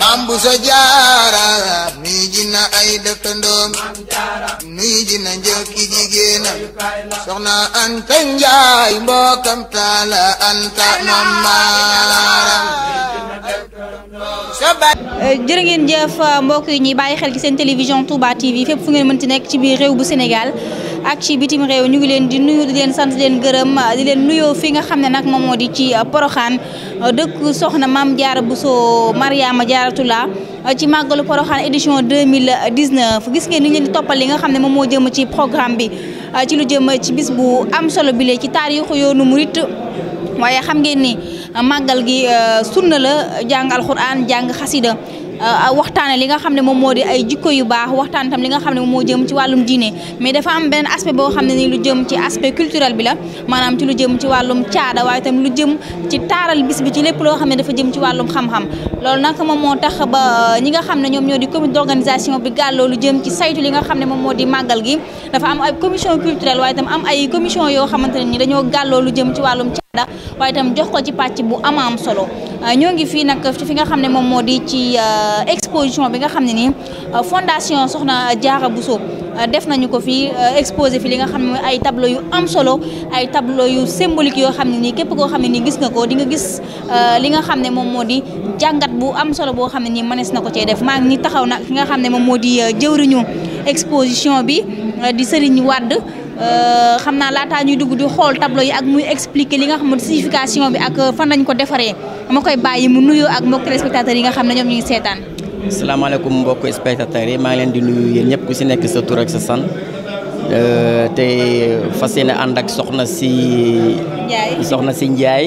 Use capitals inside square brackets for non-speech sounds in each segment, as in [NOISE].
maam bu sa jaara na ay dëkkandoom nuy dina njëkki jigéenam soxna Anta Njaay mbokkam taala Anta mamaaram eh, jërë ngeen jëf mbokk yi ñuy bàyyi xel ci seen télévision Touba TV fépp fu ngeen mën mënti nekk ci biir réew bu Sénégal ak ci bitim réew ñu ngi leen di nuyu di leen sant leen gërëm di leen nuyoo fi nga xam ne nag moom moo di ci Poroxaan dëkk soxna Maam Jaara Buso Mariama Jaaratulla ci màggalu Porokhane édition 2019 gis ngeen ni ñu leen di li nga xam ne moom moo jëm ci programme bi ah, ci lu jëm ci bis bu am solo bi lee ci taarixu yoonu murit waaye xam ngeen ni màggal gi ah, sunna la jàng alxuraan jàng xasida Euh, waxtaane li nga xam ne moom moo di ay jikko yu baax waxtaan tam li nga xam ne moom moo jëm ci wàllum diine mais dafa am benn aspect boo xam ne ni lu jëm ci aspect bi la maanaam ci lu jëm ci wàllum caada lu jëm ci taaral bis bi ci lépp loo xam ne dafa jëm ci wàllum xam-xam loolu nag moom moo tax ba euh, ñi nga xam ne ñoom ñoo di comité d'organisation bi gàlloo lu jëm ci saytu li nga xam ne moom moo di màggal gi dafa am ay commission culturelle waaye tam am ay commission yoo xamante ne ni dañoo gàlloo lu jëm ci wàllum waaye itam jox ko ci pàcc bu ama am solo euh, ñoo ngi fii nag fi nga xam ne moom moo di ci euh, exposition bi nga xam ne nii euh, fondation Soxna Diarra Bousso def nañu ko fii exposé fi li nga xam ay tableau yu am solo ay tableau yu symbolique yoo xam ne nii képp koo xam ne nii gis nga ko di nga gis li nga xam ne moom moo di jàngat bu am solo boo xam ne nii mënees na ko cee def maa ngi taxaw nag fi nga xam ne moom moo di jëwriñu exposition bi di Serigne Wade Euh, xam naa laataa ñuy dugg di xool tableau yi ak muy expliquer li nga xam ne signification bi ak fan lañ ko defaree ma koy bàyyi mu nuyoo ak mbokk téléspectateurs yi nga xam ne ñoom ñu ngi seetaan. salaamaaleykum mbokk spectateurs yi maa ngi leen di nuyu yéen ñëpp ko si nekk sa tur ak sa sant euh, te fas yéene ànd ak soxna si. Ndiaye soxna si njaay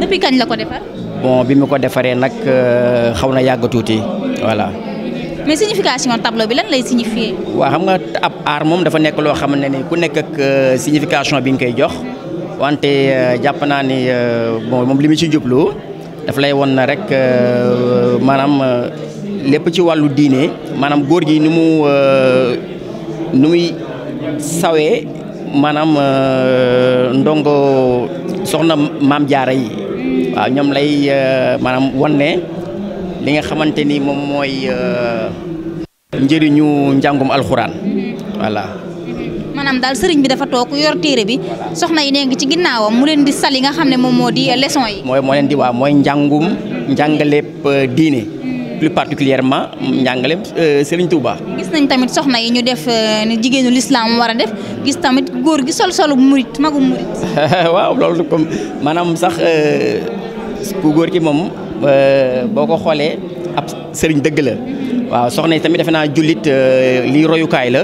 depuis kañ la ko defar. bon bi mu ko defaree nag euh, xaw na yàgg tuuti voilà. mais signification tableau bi lan lay signifier. waaw xam nga ab aar moom dafa nekk loo xam ne ni ku nekk ak euh, bi nga koy jox wante euh, jàpp naa ni bon moom li mu ci jublu daf lay won na rek maanaam lépp ci wàllu diine maanaam góor gi ni mu nu muy sawee maanaam ndongo soxna maam jaara yi. waaw ah, ñoom lay euh, maanaam wan li nga xamante ni moom mooy euh, njëriñu njàngum alxuraan mm-hmm. voilà. Mm-hmm. maanaam daal bi dafa toog yor téere bi soxna yi nekk ci ginnaawam mu leen di sali nga xam ne moom euh, leçon yi. mooy moo leen di waaw mooy njàngum njàngaleeb diine. Mm-hmm. plus particulièrement njàngaleeb Serigne Touba. gis nañ tamit soxna yi ñu def ni jigéenu def gis tamit góor gi sol solu murit magum murit. [LAUGHS] waaw loolu comme maanaam sax euh, ku góor gi moom euh, boo ko xoolee ab sëriñ dëgg la waaw soxna yi tamit defe naa jullit euh, lii royukaay la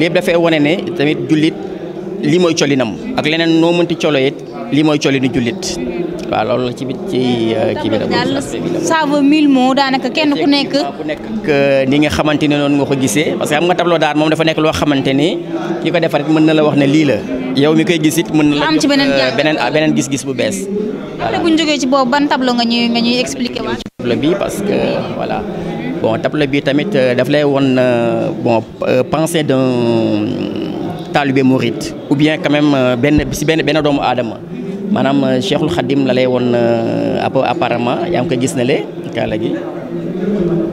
lépp dafay wane ne tamit jullit lii mooy colinam ak leneen noo mënti colo li mooy colinu jullit waaw loolu la ci bit ci kii bi la ça veut mille mots daanaka kenn ku nekk ku ni nga xamante ne nga ko gisee parce que xam nga tableau d'art moom dafa na la wax ne la yow mi koy gis la am ci euh, euh, gis-gis bu bees voilà bu ñu ci boobu ban tableau nga ñuy nga ñuy expliquer waat tableau bi parce que voilà bon tableau bi tamit euh, daf lay won bon d'un talibé mouride ou bien quand même si benn benn doomu maanaam euh, Cheikhul Khadim la lay woon euh, apparemment yaa ngi ko gis na le kaala gi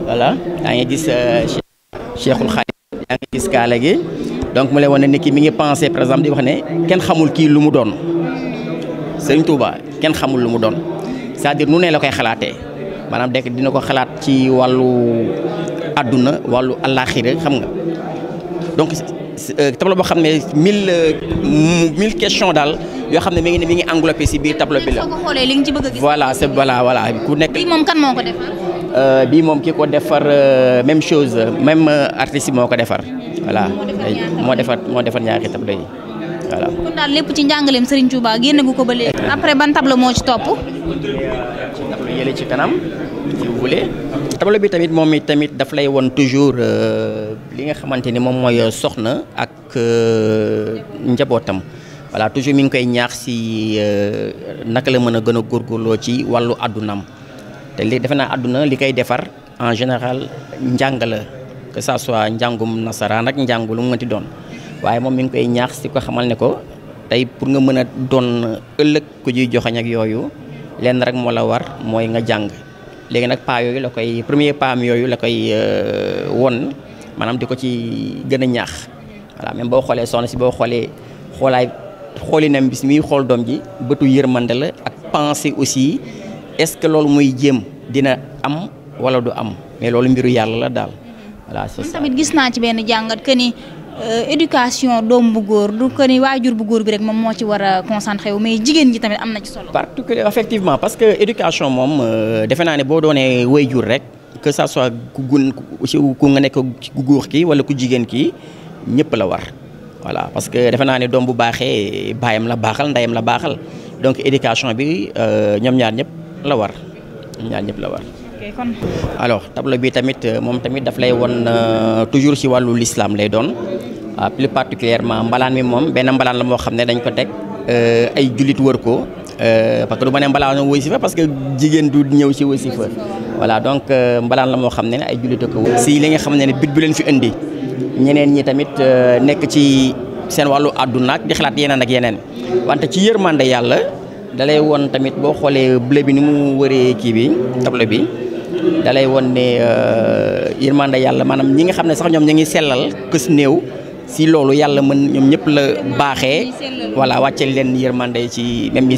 voilà yaa ngi gis euh, Cheikhul Khadim yaa ngi gis kaala gi donc mu lay woon ne nit ki mi ngi pensé par exemple di wax ne kenn xamul kii lu mu doon Serigne Touba kenn xamul lu mu doon c'est-à-dire nu ne la koy xalaatee maanaam dekk dina ko xalaat ci wàllu àdduna wàllu àllaaxira xam nga donc Euh, tableau boo xam ne mille euh, mille questions daal yoo xam ne mi ngi ne mi ngi englobé si biir tableau bi la. li nga ci bëgg a gis. voilà c'est voilà voilà ku nekk. bii moom euh, bii moom ki ko defar même chose même artiste moo ko defar voilà. moo defar moo defar ñaari tableau yi voilà. lépp ci njàngaleem Serigne Touba génne gu ko ba léegi. après ban tableau moo ci topp. yële ci kanam si vous voulez tableau bi tamit moom tamit daf won toujours euh, li nga xamante ni moom soxna ak euh, njabootam voilà toujours mi ngi koy ñaax si euh, naka la mën a gën a góorgóorloo ci wàllu àddunaam te li defe naa àdduna li koy defar en général njàng la que ça soit njàngum nasaraan ak njàngu lu mu mënti doon waaye moom mi ngi koy ñaax si ko xamal ne ko tey pour nga mën a joxañ ak lenn rek moo la war mooy nga jàng léegi nag pas yooyu la koy premier pa am yooyu la koy euh, won manam di ko ci gën a ñaax voilà même boo xoolee soxna si boo xoolee xoolaay xoolinam bis muy xool doom ji bëtu yërmande la ak pensée aussi est-ce que loolu muy jéem dina am wala du am mais loolu mbiru yàlla la daal voilà c'est ça tamit gis naa ci benn jàngat que ni Euh, éducation doom bu góor du ko ni jur bu góor bi rek moom moo ci war a concentré wu mais jigéen ji tamit am na ci solo. particulier effectivement parce que éducation moom euh, defe naa ne boo doonee way waajur rek que ça soit ku gun ku nga nekk ku góor kii wala ku jigéen kii ñëpp la war. voilà parce que defe naa ne doom bu baaxee baayam la baaxal ndayam la baaxal donc éducation bi euh, ñoom ñaar ñëpp la war ñoom ñaar ñëpp la war. kon alors tableau bi tamit euh, moom tamit daf lay won euh, toujours ci wàllu lislaam lay doon euh, plus particulièrement mbalaan mi moom benn mbalaan la moo xam ne dañ ko teg ay jullit wër ko parce que du ma ne mbalaan wasifa parce que jigéen du ñëw ci wasifa voilà donc mbalaan la moo xam ne ay jullit ko wër si li nga xam ne bit bu leen fi indi ñeneen ñi tamit nekk ci seen wàllu àdduna ak di xalaat yeneen ak yeneen wante ci yërmande yàlla da lay woon tamit boo xoolee bleu bi ni mu waree kii bi tableau bi dalay won ne euh, yirmanda yàlla maanaam ñi nga xam ne sax ñoom ñu ngi sellal kës néew si loolu yàlla mën ñoom ñëpp la baaxee voilà wàcceel leen yërmande ci même ñi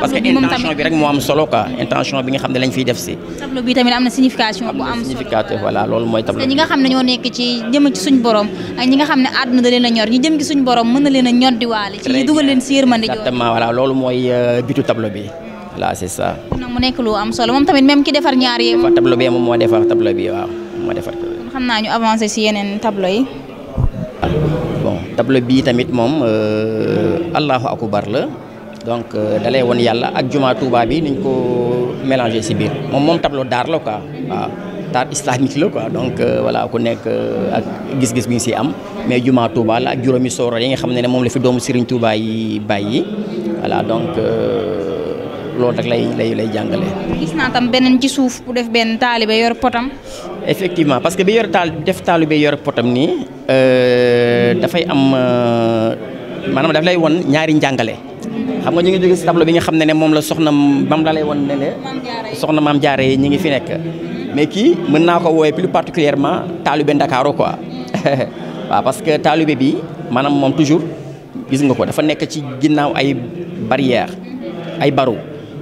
parce que intention bi rek am solo quoi intention bi nga xam lañ def si tableau bi tamit am signification bu am significateur voilà loolu mooy tableau ñi nga xam ne nekk ci jëm ci suñ borom ak ñi nga xam ne da leen ñor ñu jëm ci suñ borom ñor di ci exactement euh, bitu tableau bi voilà c'est ça. mu nekk lu am solo moom tamit même ki defar ñaar yi. defar tableau moom moo defar tableau bi waaw moo defar. xam naa ñu avancé si yeneen tableau yi. bon tableau bii tamit moom euh, allahu akbar la donc euh, dalay woon yàlla ak juma Touba bi niñ ko mélangé si biir moom moom tableau d'art la quoi waaw. taar islamique la quoi donc euh, voilà ku nekk ak gis-gis bi ñu si am mais juma Touba la ak juróomi sooro yi nga xam ne ne moom la fi doomu Serigne Touba yi bàyyi voilà donc. loolu rek lay lay lay jàngale. gis naa tam beneen ci suuf bu def benn taalibe yor potam. effectivement parce que bi yor taal def taalibe yor potam nii euh, dafay am euh, maanaam daf lay won ñaari njàngale. xam nga ñu ngi jóge si tableau bi nga xam ne ne moom la soxna mam la lay won soxna maam jaare yi ñi ngi fi nekk mais kii mën naa ko wooye plus particulièrement taalibe Ndakaaru quoi [LAUGHS] waaw parce que taalibe bi maanaam moom toujours gis nga ko dafa nekk ci ginnaaw ay barrière ay baru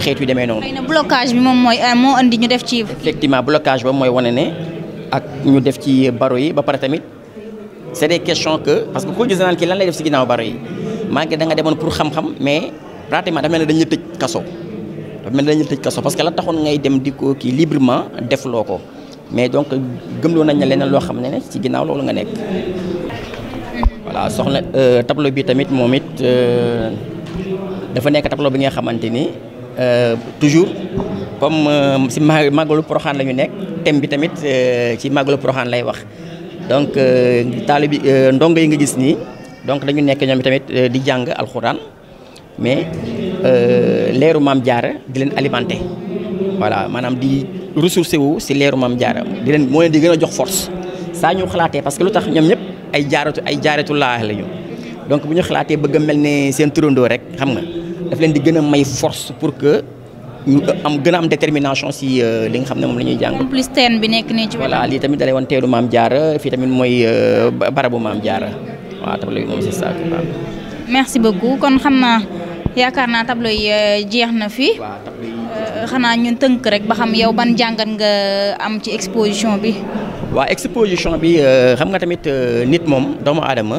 xeet yu demee noonu. blocage bi moom mooy euh, moo indi ñu def ci. effectivement blocage ba mooy wane ne ak ñu def ci baro yi ba pare tamit c'est des questions que parce que ku gis naan kii lan lay def si ginnaaw baro yi maa ngi da nga demoon pour xam-xam mais pratiquement dafa mel ne dañu la tëj kaso. dafa mel ne dañu la tëj kaso parce que la taxoon ngay dem di ko kii librement def loo ko mais donc gëmloo nañ ne leneen loo xam ne ne ci ginnaaw loolu nga nekk. voilà soxna euh, tableau bi tamit moom it euh, dafa nekk tableau bi nga xamante ni. Euh, toujours comme euh, si màggalu Porokhane la ñu nekk thème bi tamit euh, ci màggalu Porokhane lay wax donc taalibe bi ndongo yi nga gis nii donc dañu nekk ñoom tamit di jàng alxuraan mais leeru maam jaara di leen alimenté voilà maanaam di ressourcé wu si leeru maam jaara di leen moo leen di gën a jox force saa ñu xalaatee parce que lu tax ñoom ñëpp ay jaaratu ay jaaratu laa la ñu donc bu ñu xalaatee bëgg a mel ne seen turandoo rek xam nga daf leen di gën a may force pour que ñu euh, am gën a am détermination si euh, li nga xam ne moom la ñuy jàng. en plus teen bi nekk nii ci voilà lii tamit dalay woon teelu maam jaara fii tamit mooy euh, barabu maam jaara waaw tableau bi moom c'est ça. merci beaucoup kon xam naa yaakaar naa tableau yi jeex na fi. xanaa ñun tënk rek ba xam yow ban jàngat nga am ci exposition bi. waaw exposition bi xam nga tamit nit moom doomu aadama.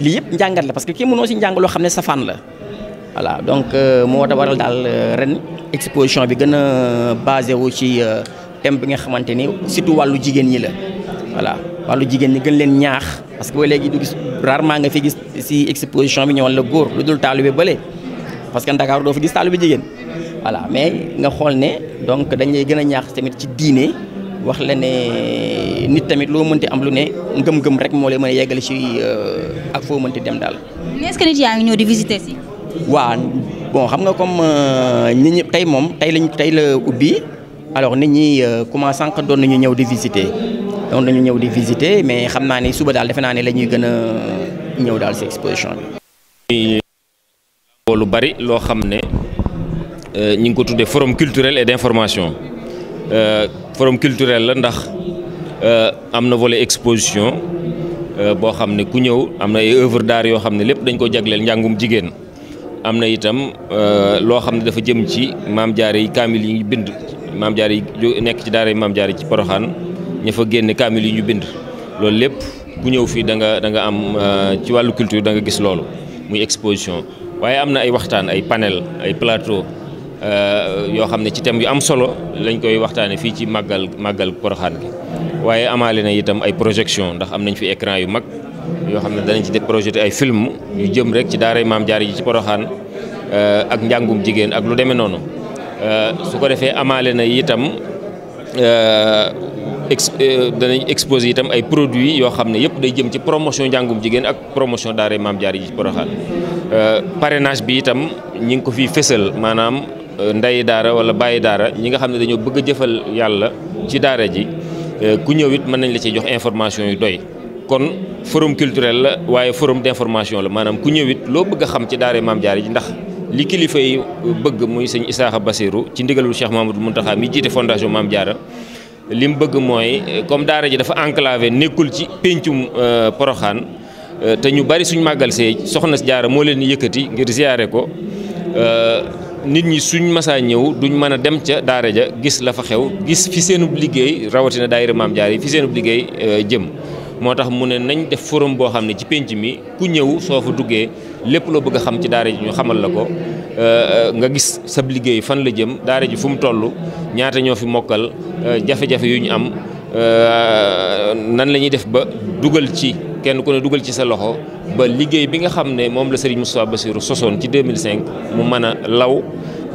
li yëpp njàngat la parce que ki mënoo si njàng lo xamné sa fan la voilà donc euh, mo da waral dal euh, ren exposition bi gëna a euh, basé wu ci thème bi nga xamanteni ni surtout wàllu jigéen ñi la voilà walu jigen ñi gën len ñaax parce que ba légui du gis rarement nga fi gis ci exposition bi ñëwal la góor lu dul taalibe bële parce que Dakar do fi gis talibé jigen voilà mais nga xool ne donc dañ lay gëna ñaax tamit ci diiné wax la né nit tamit lo mënti am lu né ngëm-ngëm rek mo lay mën a yeggale ci euh, ak fo mënti dem dal mais est-ce que nit yaa ngi ñëw di visiter ci wa bon xam nga comme euh, nit ñi tay mom tay lañ tay la ubbi alors nit ñi euh, commencé sank doon nañu ñëw di visiter doon nañu ñëw di visiter mais xam na ni suba dal defena naa lañuy gëna ñuy gën a ñëw daal si exposition bi. lu bari lo xam ñing ko tuddee forum culturel et d'information. euh forom culturel la ndax euh, am na vole exposition euh, boo xam ne ku ñëw am na ay œuvre d'art yoo xam ne lépp dañ ko jagleel njàngum jigéen am na itam euh, loo xam ne dafa jëm ci maam jaare yi kaamil yi ñu bind maam jaare yi nekk ci daara yi maam jaare yi ci poroxaan ña fa génne kaamil yi ñu bind loolu lépp ku ñëw fii da nga da nga am ci wàllu culture da nga gis loolu muy exposition waaye am na ay waxtaan ay panel ay plateau Euh, yoo xam ne ci thème yu am solo lañ koy waxtaane fii ci màggal màggal poroxaan gi waaye amaale na itam ay projection ndax am nañ fi écran yu mag yoo xam ne danañ ci def projeté ay film yu jëm rek ci daaray maam jaar yi ci Porokhane euh, ak njàngum jigéen ak lu demee noonu euh, su ko defee amaale na itam ex danañ exposé itam ay produits yoo xam ne yëpp day jëm ci promotion njàngum jigéen ak promotion daaray maam jaar yi ci Porokhane bi itam ñi ngi ko fiy fësal maanaam ndey daara wala bàyyi daara ñi nga xam ne dañoo bëgg a jëfal yàlla ci daara ji euh, ku ñëw mën nañ la ci jox information yu doy kon forom culturel la waaye forum d'information la maanaam ku ñëwit loo bëgg a xam ci daara maam jaara ji ndax li kilifa yi bëgg muy sëñ Isaaxa Basiru ci ndigalul Cheikh Mamadou Muntaxa mi jiite fondation maam jaara li bëgg mooy comme daara ji dafa enclavé nekkul ci péncum euh, poroxaan euh, te ñu bari suñ màggal see soxna jaara moo leen yëkkati ngir ziyaare ko nit ñi suñ masaa ñëw duñ mën a dem ca daare ja gis la fa xew gis fi seenub liggéey rawatina daayira maam jaar yi fi seenub liggéey euh, jëm moo tax mu ne nañ def forum boo xam ne ci pénc mi ku ñëw soo fa duggee lépp loo bëgg a xam ci daara ji ñu xamal la ko euh, euh, nga gis sab liggéey fan la jëm daara ji fu mu toll ñaata ñoo fi mokkal jafe-jafe yu ñu am nan la ñuy def ba dugal ci kenn ku ne dugal ci sa loxo ba liggéey bi nga xam ne moom la Serigne Moustapha Bassirou sosoon ci 2005 mu mën a law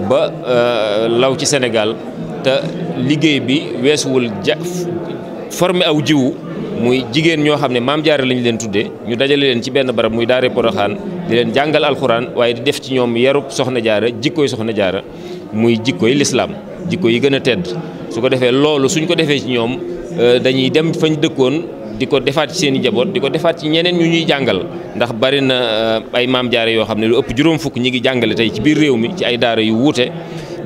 ba euh, law ci Sénégal te liggéey bi weesuwul ja former aw jiwu muy jigéen ñoo xam ne maam jaare lañu leen tudde ñu dajale leen ci benn barab muy daare Poroxaan di leen jàngal alxuraan waaye di def ci ñoom yarub soxna jaara jikkooy soxna jaara muy jikkooy lislaam jikko yi gën a tedd su ko defee loolu suñ ko defee ci ñoom euh, dañuy dem fañ dëkkoon di ko defaat ci seen i jaboot di ko defaat ci ñeneen ñu ñuy jàngal ndax bari na euh, ay maam jaare yoo xam ne lu ëpp juróom fukk ñi ngi jàngale tey ci biir réew mi ci ay daara yu wuute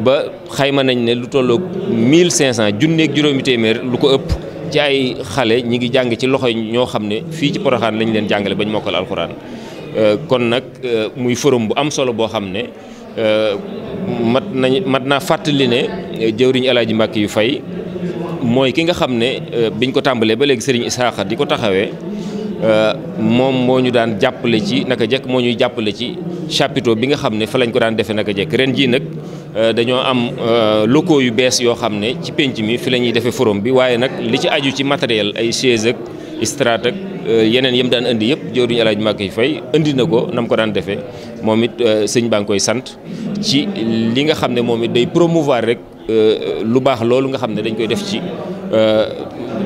ba xayma nañ ne lu tollook tolloog 1500 junneeg juróomi téeméer lu ko ëpp ci ay xale ñi ngi jàng ci loxo ñoo xam ne fii ci Poroxaan lañ leen jàngale bañ mokkal alxuraan euh, kon nag euh, muy forum bu am solo boo xam ne mat nañ naa fàttali ne jëwriñ Alaaji Mbàkke yu fay mooy ki nga xam ne euh, biñ ko tàmbalee ba léegi Serigne Isaaxa di ko taxawee euh, moom moo ñu daan jàppale ci naka jekk moo ñuy jàppale ci chapiteau bi nga xam ne fa lañ ko daan defee naka jekk ren jii nag euh, dañoo am loko yu bees yoo xam ne ci penc mi fi la ñuy defee forum bi waaye nag li ci aju ci matériel ay chaise ak strate ak yeneen yëm daan indi yëpp jëwriñu alaaj màkk yi fay indi na ko nam ko daan defee moom it sëñ baa ngi koy sant ci li nga xam ne moom it day promouvoir rek. Euh, lu baax loolu nga xam ne dañ koy def ci euh,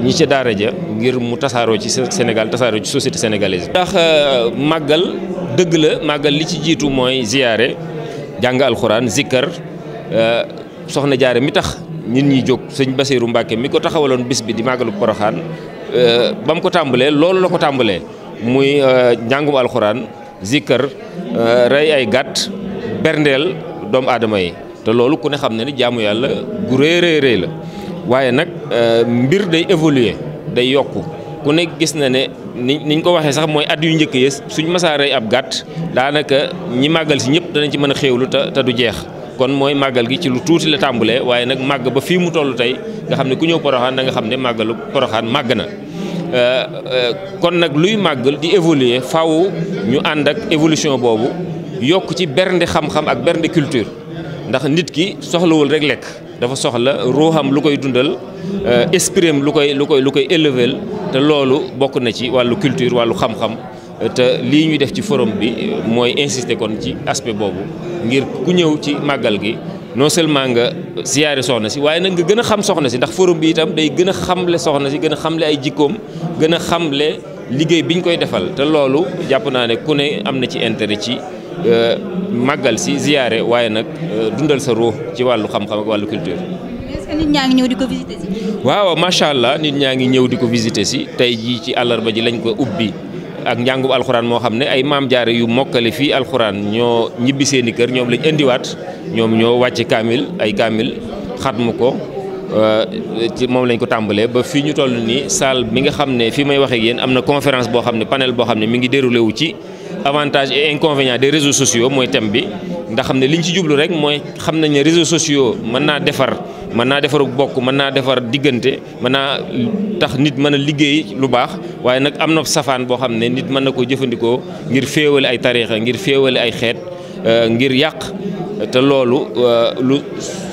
ñi ca daara ja ngir mu tasaaroo ci Sénégal tasaaroo ci société sénégalaise. ndax euh, màggal dëgg la màggal li ci jiitu mooy ziyaare jàng alxuraan zikkar soxna jaare mi tax nit ñi jóg sëñ Basiiru Mbàkke mi ko taxawaloon bis bi di màggalu Poroxaan ba mu ko tàmbalee loolu la ko tàmbalee muy njàngum alxuraan zikkar rey ay gàtt berndeel doomu aadama yi. te loolu ku ne xam na ni jaamu yàlla gu rëy rëy la waaye nag euh, mbir day évoluer day yokk ku ne gis na ne ni niñ ko waxee sax mooy at yu njëkk yées suñ masaa rey ab gàtt daanaka ñi màggal si ñëpp danañ ci mën a xéewlu te te du jeex kon mooy màggal gi ci lu tuuti la tàmbulee waaye nag màgg ba fii mu toll tey nga xam ne ku ñëw poroxaan da nga xam ne màggalu poroxaan màgg na euh, euh, kon nag luy màggal di évoluer faw ñu ànd ak évolution boobu yokk ci bernde xam-xam ak bernde culture ndax nit ki soxlawul rek lekk dafa soxla ruuxam lu koy dundal euh, esprit am lu koy lu koy lu koy élever te loolu bokk na ci wàllu culture wàllu xam-xam te lii ñuy def ci forum bi euh, mooy insister kon ci aspect boobu ngir ku ñëw ci màggal gi noo seulement nga siyaare soxna si waaye nag nga gën a xam soxna si ndax forum bi itam day gën a xamle soxna si gën a xamle ay jikkoom gën a xamle liggéey bi koy defal te loolu jàpp naa ne ku ne am na ci intérêt ci. Euh, màggal si ziyaare waaye nag euh, dundal sa ruux ci wàllu xam-xam ak wàllu culture. est-ce nit ñaa ngi ñëw di ko visiter si. waaw macha allah nit ñaa ngi ñëw di ko visiter si tey jii ci àllarba ji lañ ko ubbi. ak njàngub alxuraan moo xam ne ay maam jaare yu mokkale fii alxuraan ñoo ñibbi seeni kër ñoom lañ indiwaat ñoom ñoo wàcc kaamil ay kaamil xatmu ko euh, ci moom lañ ko tàmbalee ba fii ñu toll nii salle mi nga xam ne fii may wax ak yéen am na conférence boo xam ne panel boo xam ne mi ngi déroulé wu ci avantage et inconvénients des réseaux sociaux mooy thème bi ndax xam ne liñ ci jublu rek mooy xam nañ ne réseaux sociaux mën naa defar mën naa defar bokk mën naa defar diggante mën naa tax nit mën a liggéey lu baax waaye nag am na safaan boo xam ne nit mën na ko jëfandikoo ngir féewale ay tariixa ngir féewale ay xeet euh, ngir yàq te loolu euh, lu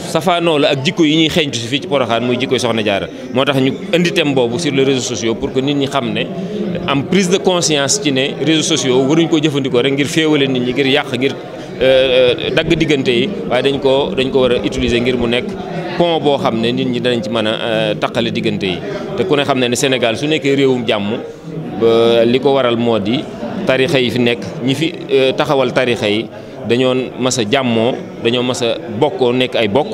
safaanoo la ak jikko yi ñuy xeeñtu si fii ci Porokhane muy jikko yi soxna jaara moo tax ñu indi thème boobu sur le réseaux sociaux pour que nit ñi xam ne am prise de conscience ci ne réseaux sociaux waruñ ko jëfandikoo rek ngir féewale nit ñi ngir yàq ngir euh, euh, dagg diggante yi waaye dañ koo dañ ko war a utiliser ngir mu nekk pont boo xam ne nit ñi danañ ci mën a euh, taqale diggante yi te ku ne xam ne ne Sénégal su nekkee réewum jàmm li ko waral moo di tarixa yi fi nekk ñi fi taxawal tarixa yi dañoo mas a jàmmoo dañoo mas a bokkoo nekk ay bokk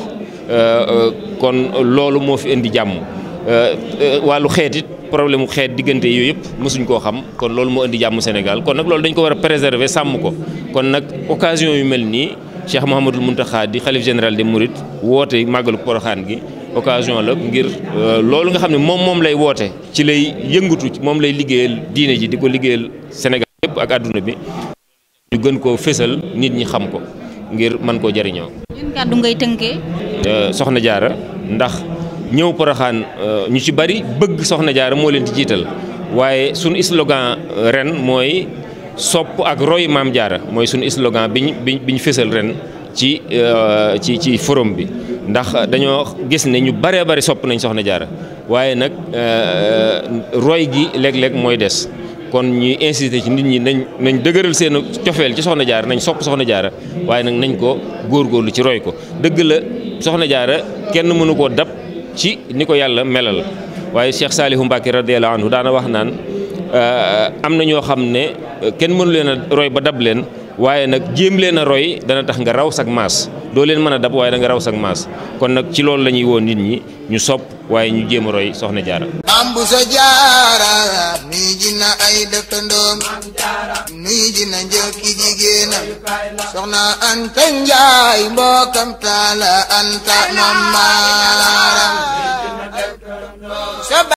kon loolu moo fi indi jàmm Euh, wàllu xeet it problème mu xeet diggante yooyu yëpp mosuñ koo xam kon loolu moo indi jàmm Sénégal kon nag loolu dañ ko war a préserver sàmm ko kon nag occasion yu mel nii Cheikh Mouhamadul xaar di xalif général des Mourides woote màggalu Poroxaan gi occasion la ngir euh, loolu nga xam ne moom moom lay woote ci lay yëngatu moom lay liggéeyal diine ji di ko liggéeyal Sénégal yëpp ak àdduna bi ñu gën koo fésal nit ñi xam ko ngir mën koo jëriñoo. ngay tënkee. Euh, ñëw Porokhane euh, ñu ci bari bëgg Soxna Jaara moo leen ci jiital waaye sunu slogan euh, ren mooy sopp ak roy Maam Jaara mooy sunu slogan biñ biñ biñ fësal ren ci euh, ci ci forum bi ndax dañoo gis ne ñu baree bari sopp nañ Soxna Jaara waaye nag roy gi léeg-léeg mooy des kon ñuy insister ci nit ñi nañ nañ dëgëral seen cofeel ci Soxna Jaara nañ sopp Soxna Jaara waaye nag nañ ko góorgóorlu ci roy ko dëgg la Soxna Jaara kenn mënu koo dab ci ni ko yàlla melal waaye Cheikh Saalihu Mbacke radiyallahu anhu daana wax naan euh, am na ñoo xam ne kenn mënu leen a roy ba dab leen waaye nag jéem leen a roy dana tax nga raw sag maas doo leen mën a dab waaye da raw sak maas kon nag ci lool lañuy ñuy woo nit ñi ñu sopp waaye ñu jéem a roy soxna jaara ambu sa jaara nuy ji na ay dëkkandoom nuy ji na njëkki jigéenam soxna anta njaay mbokkam taala anta mamaram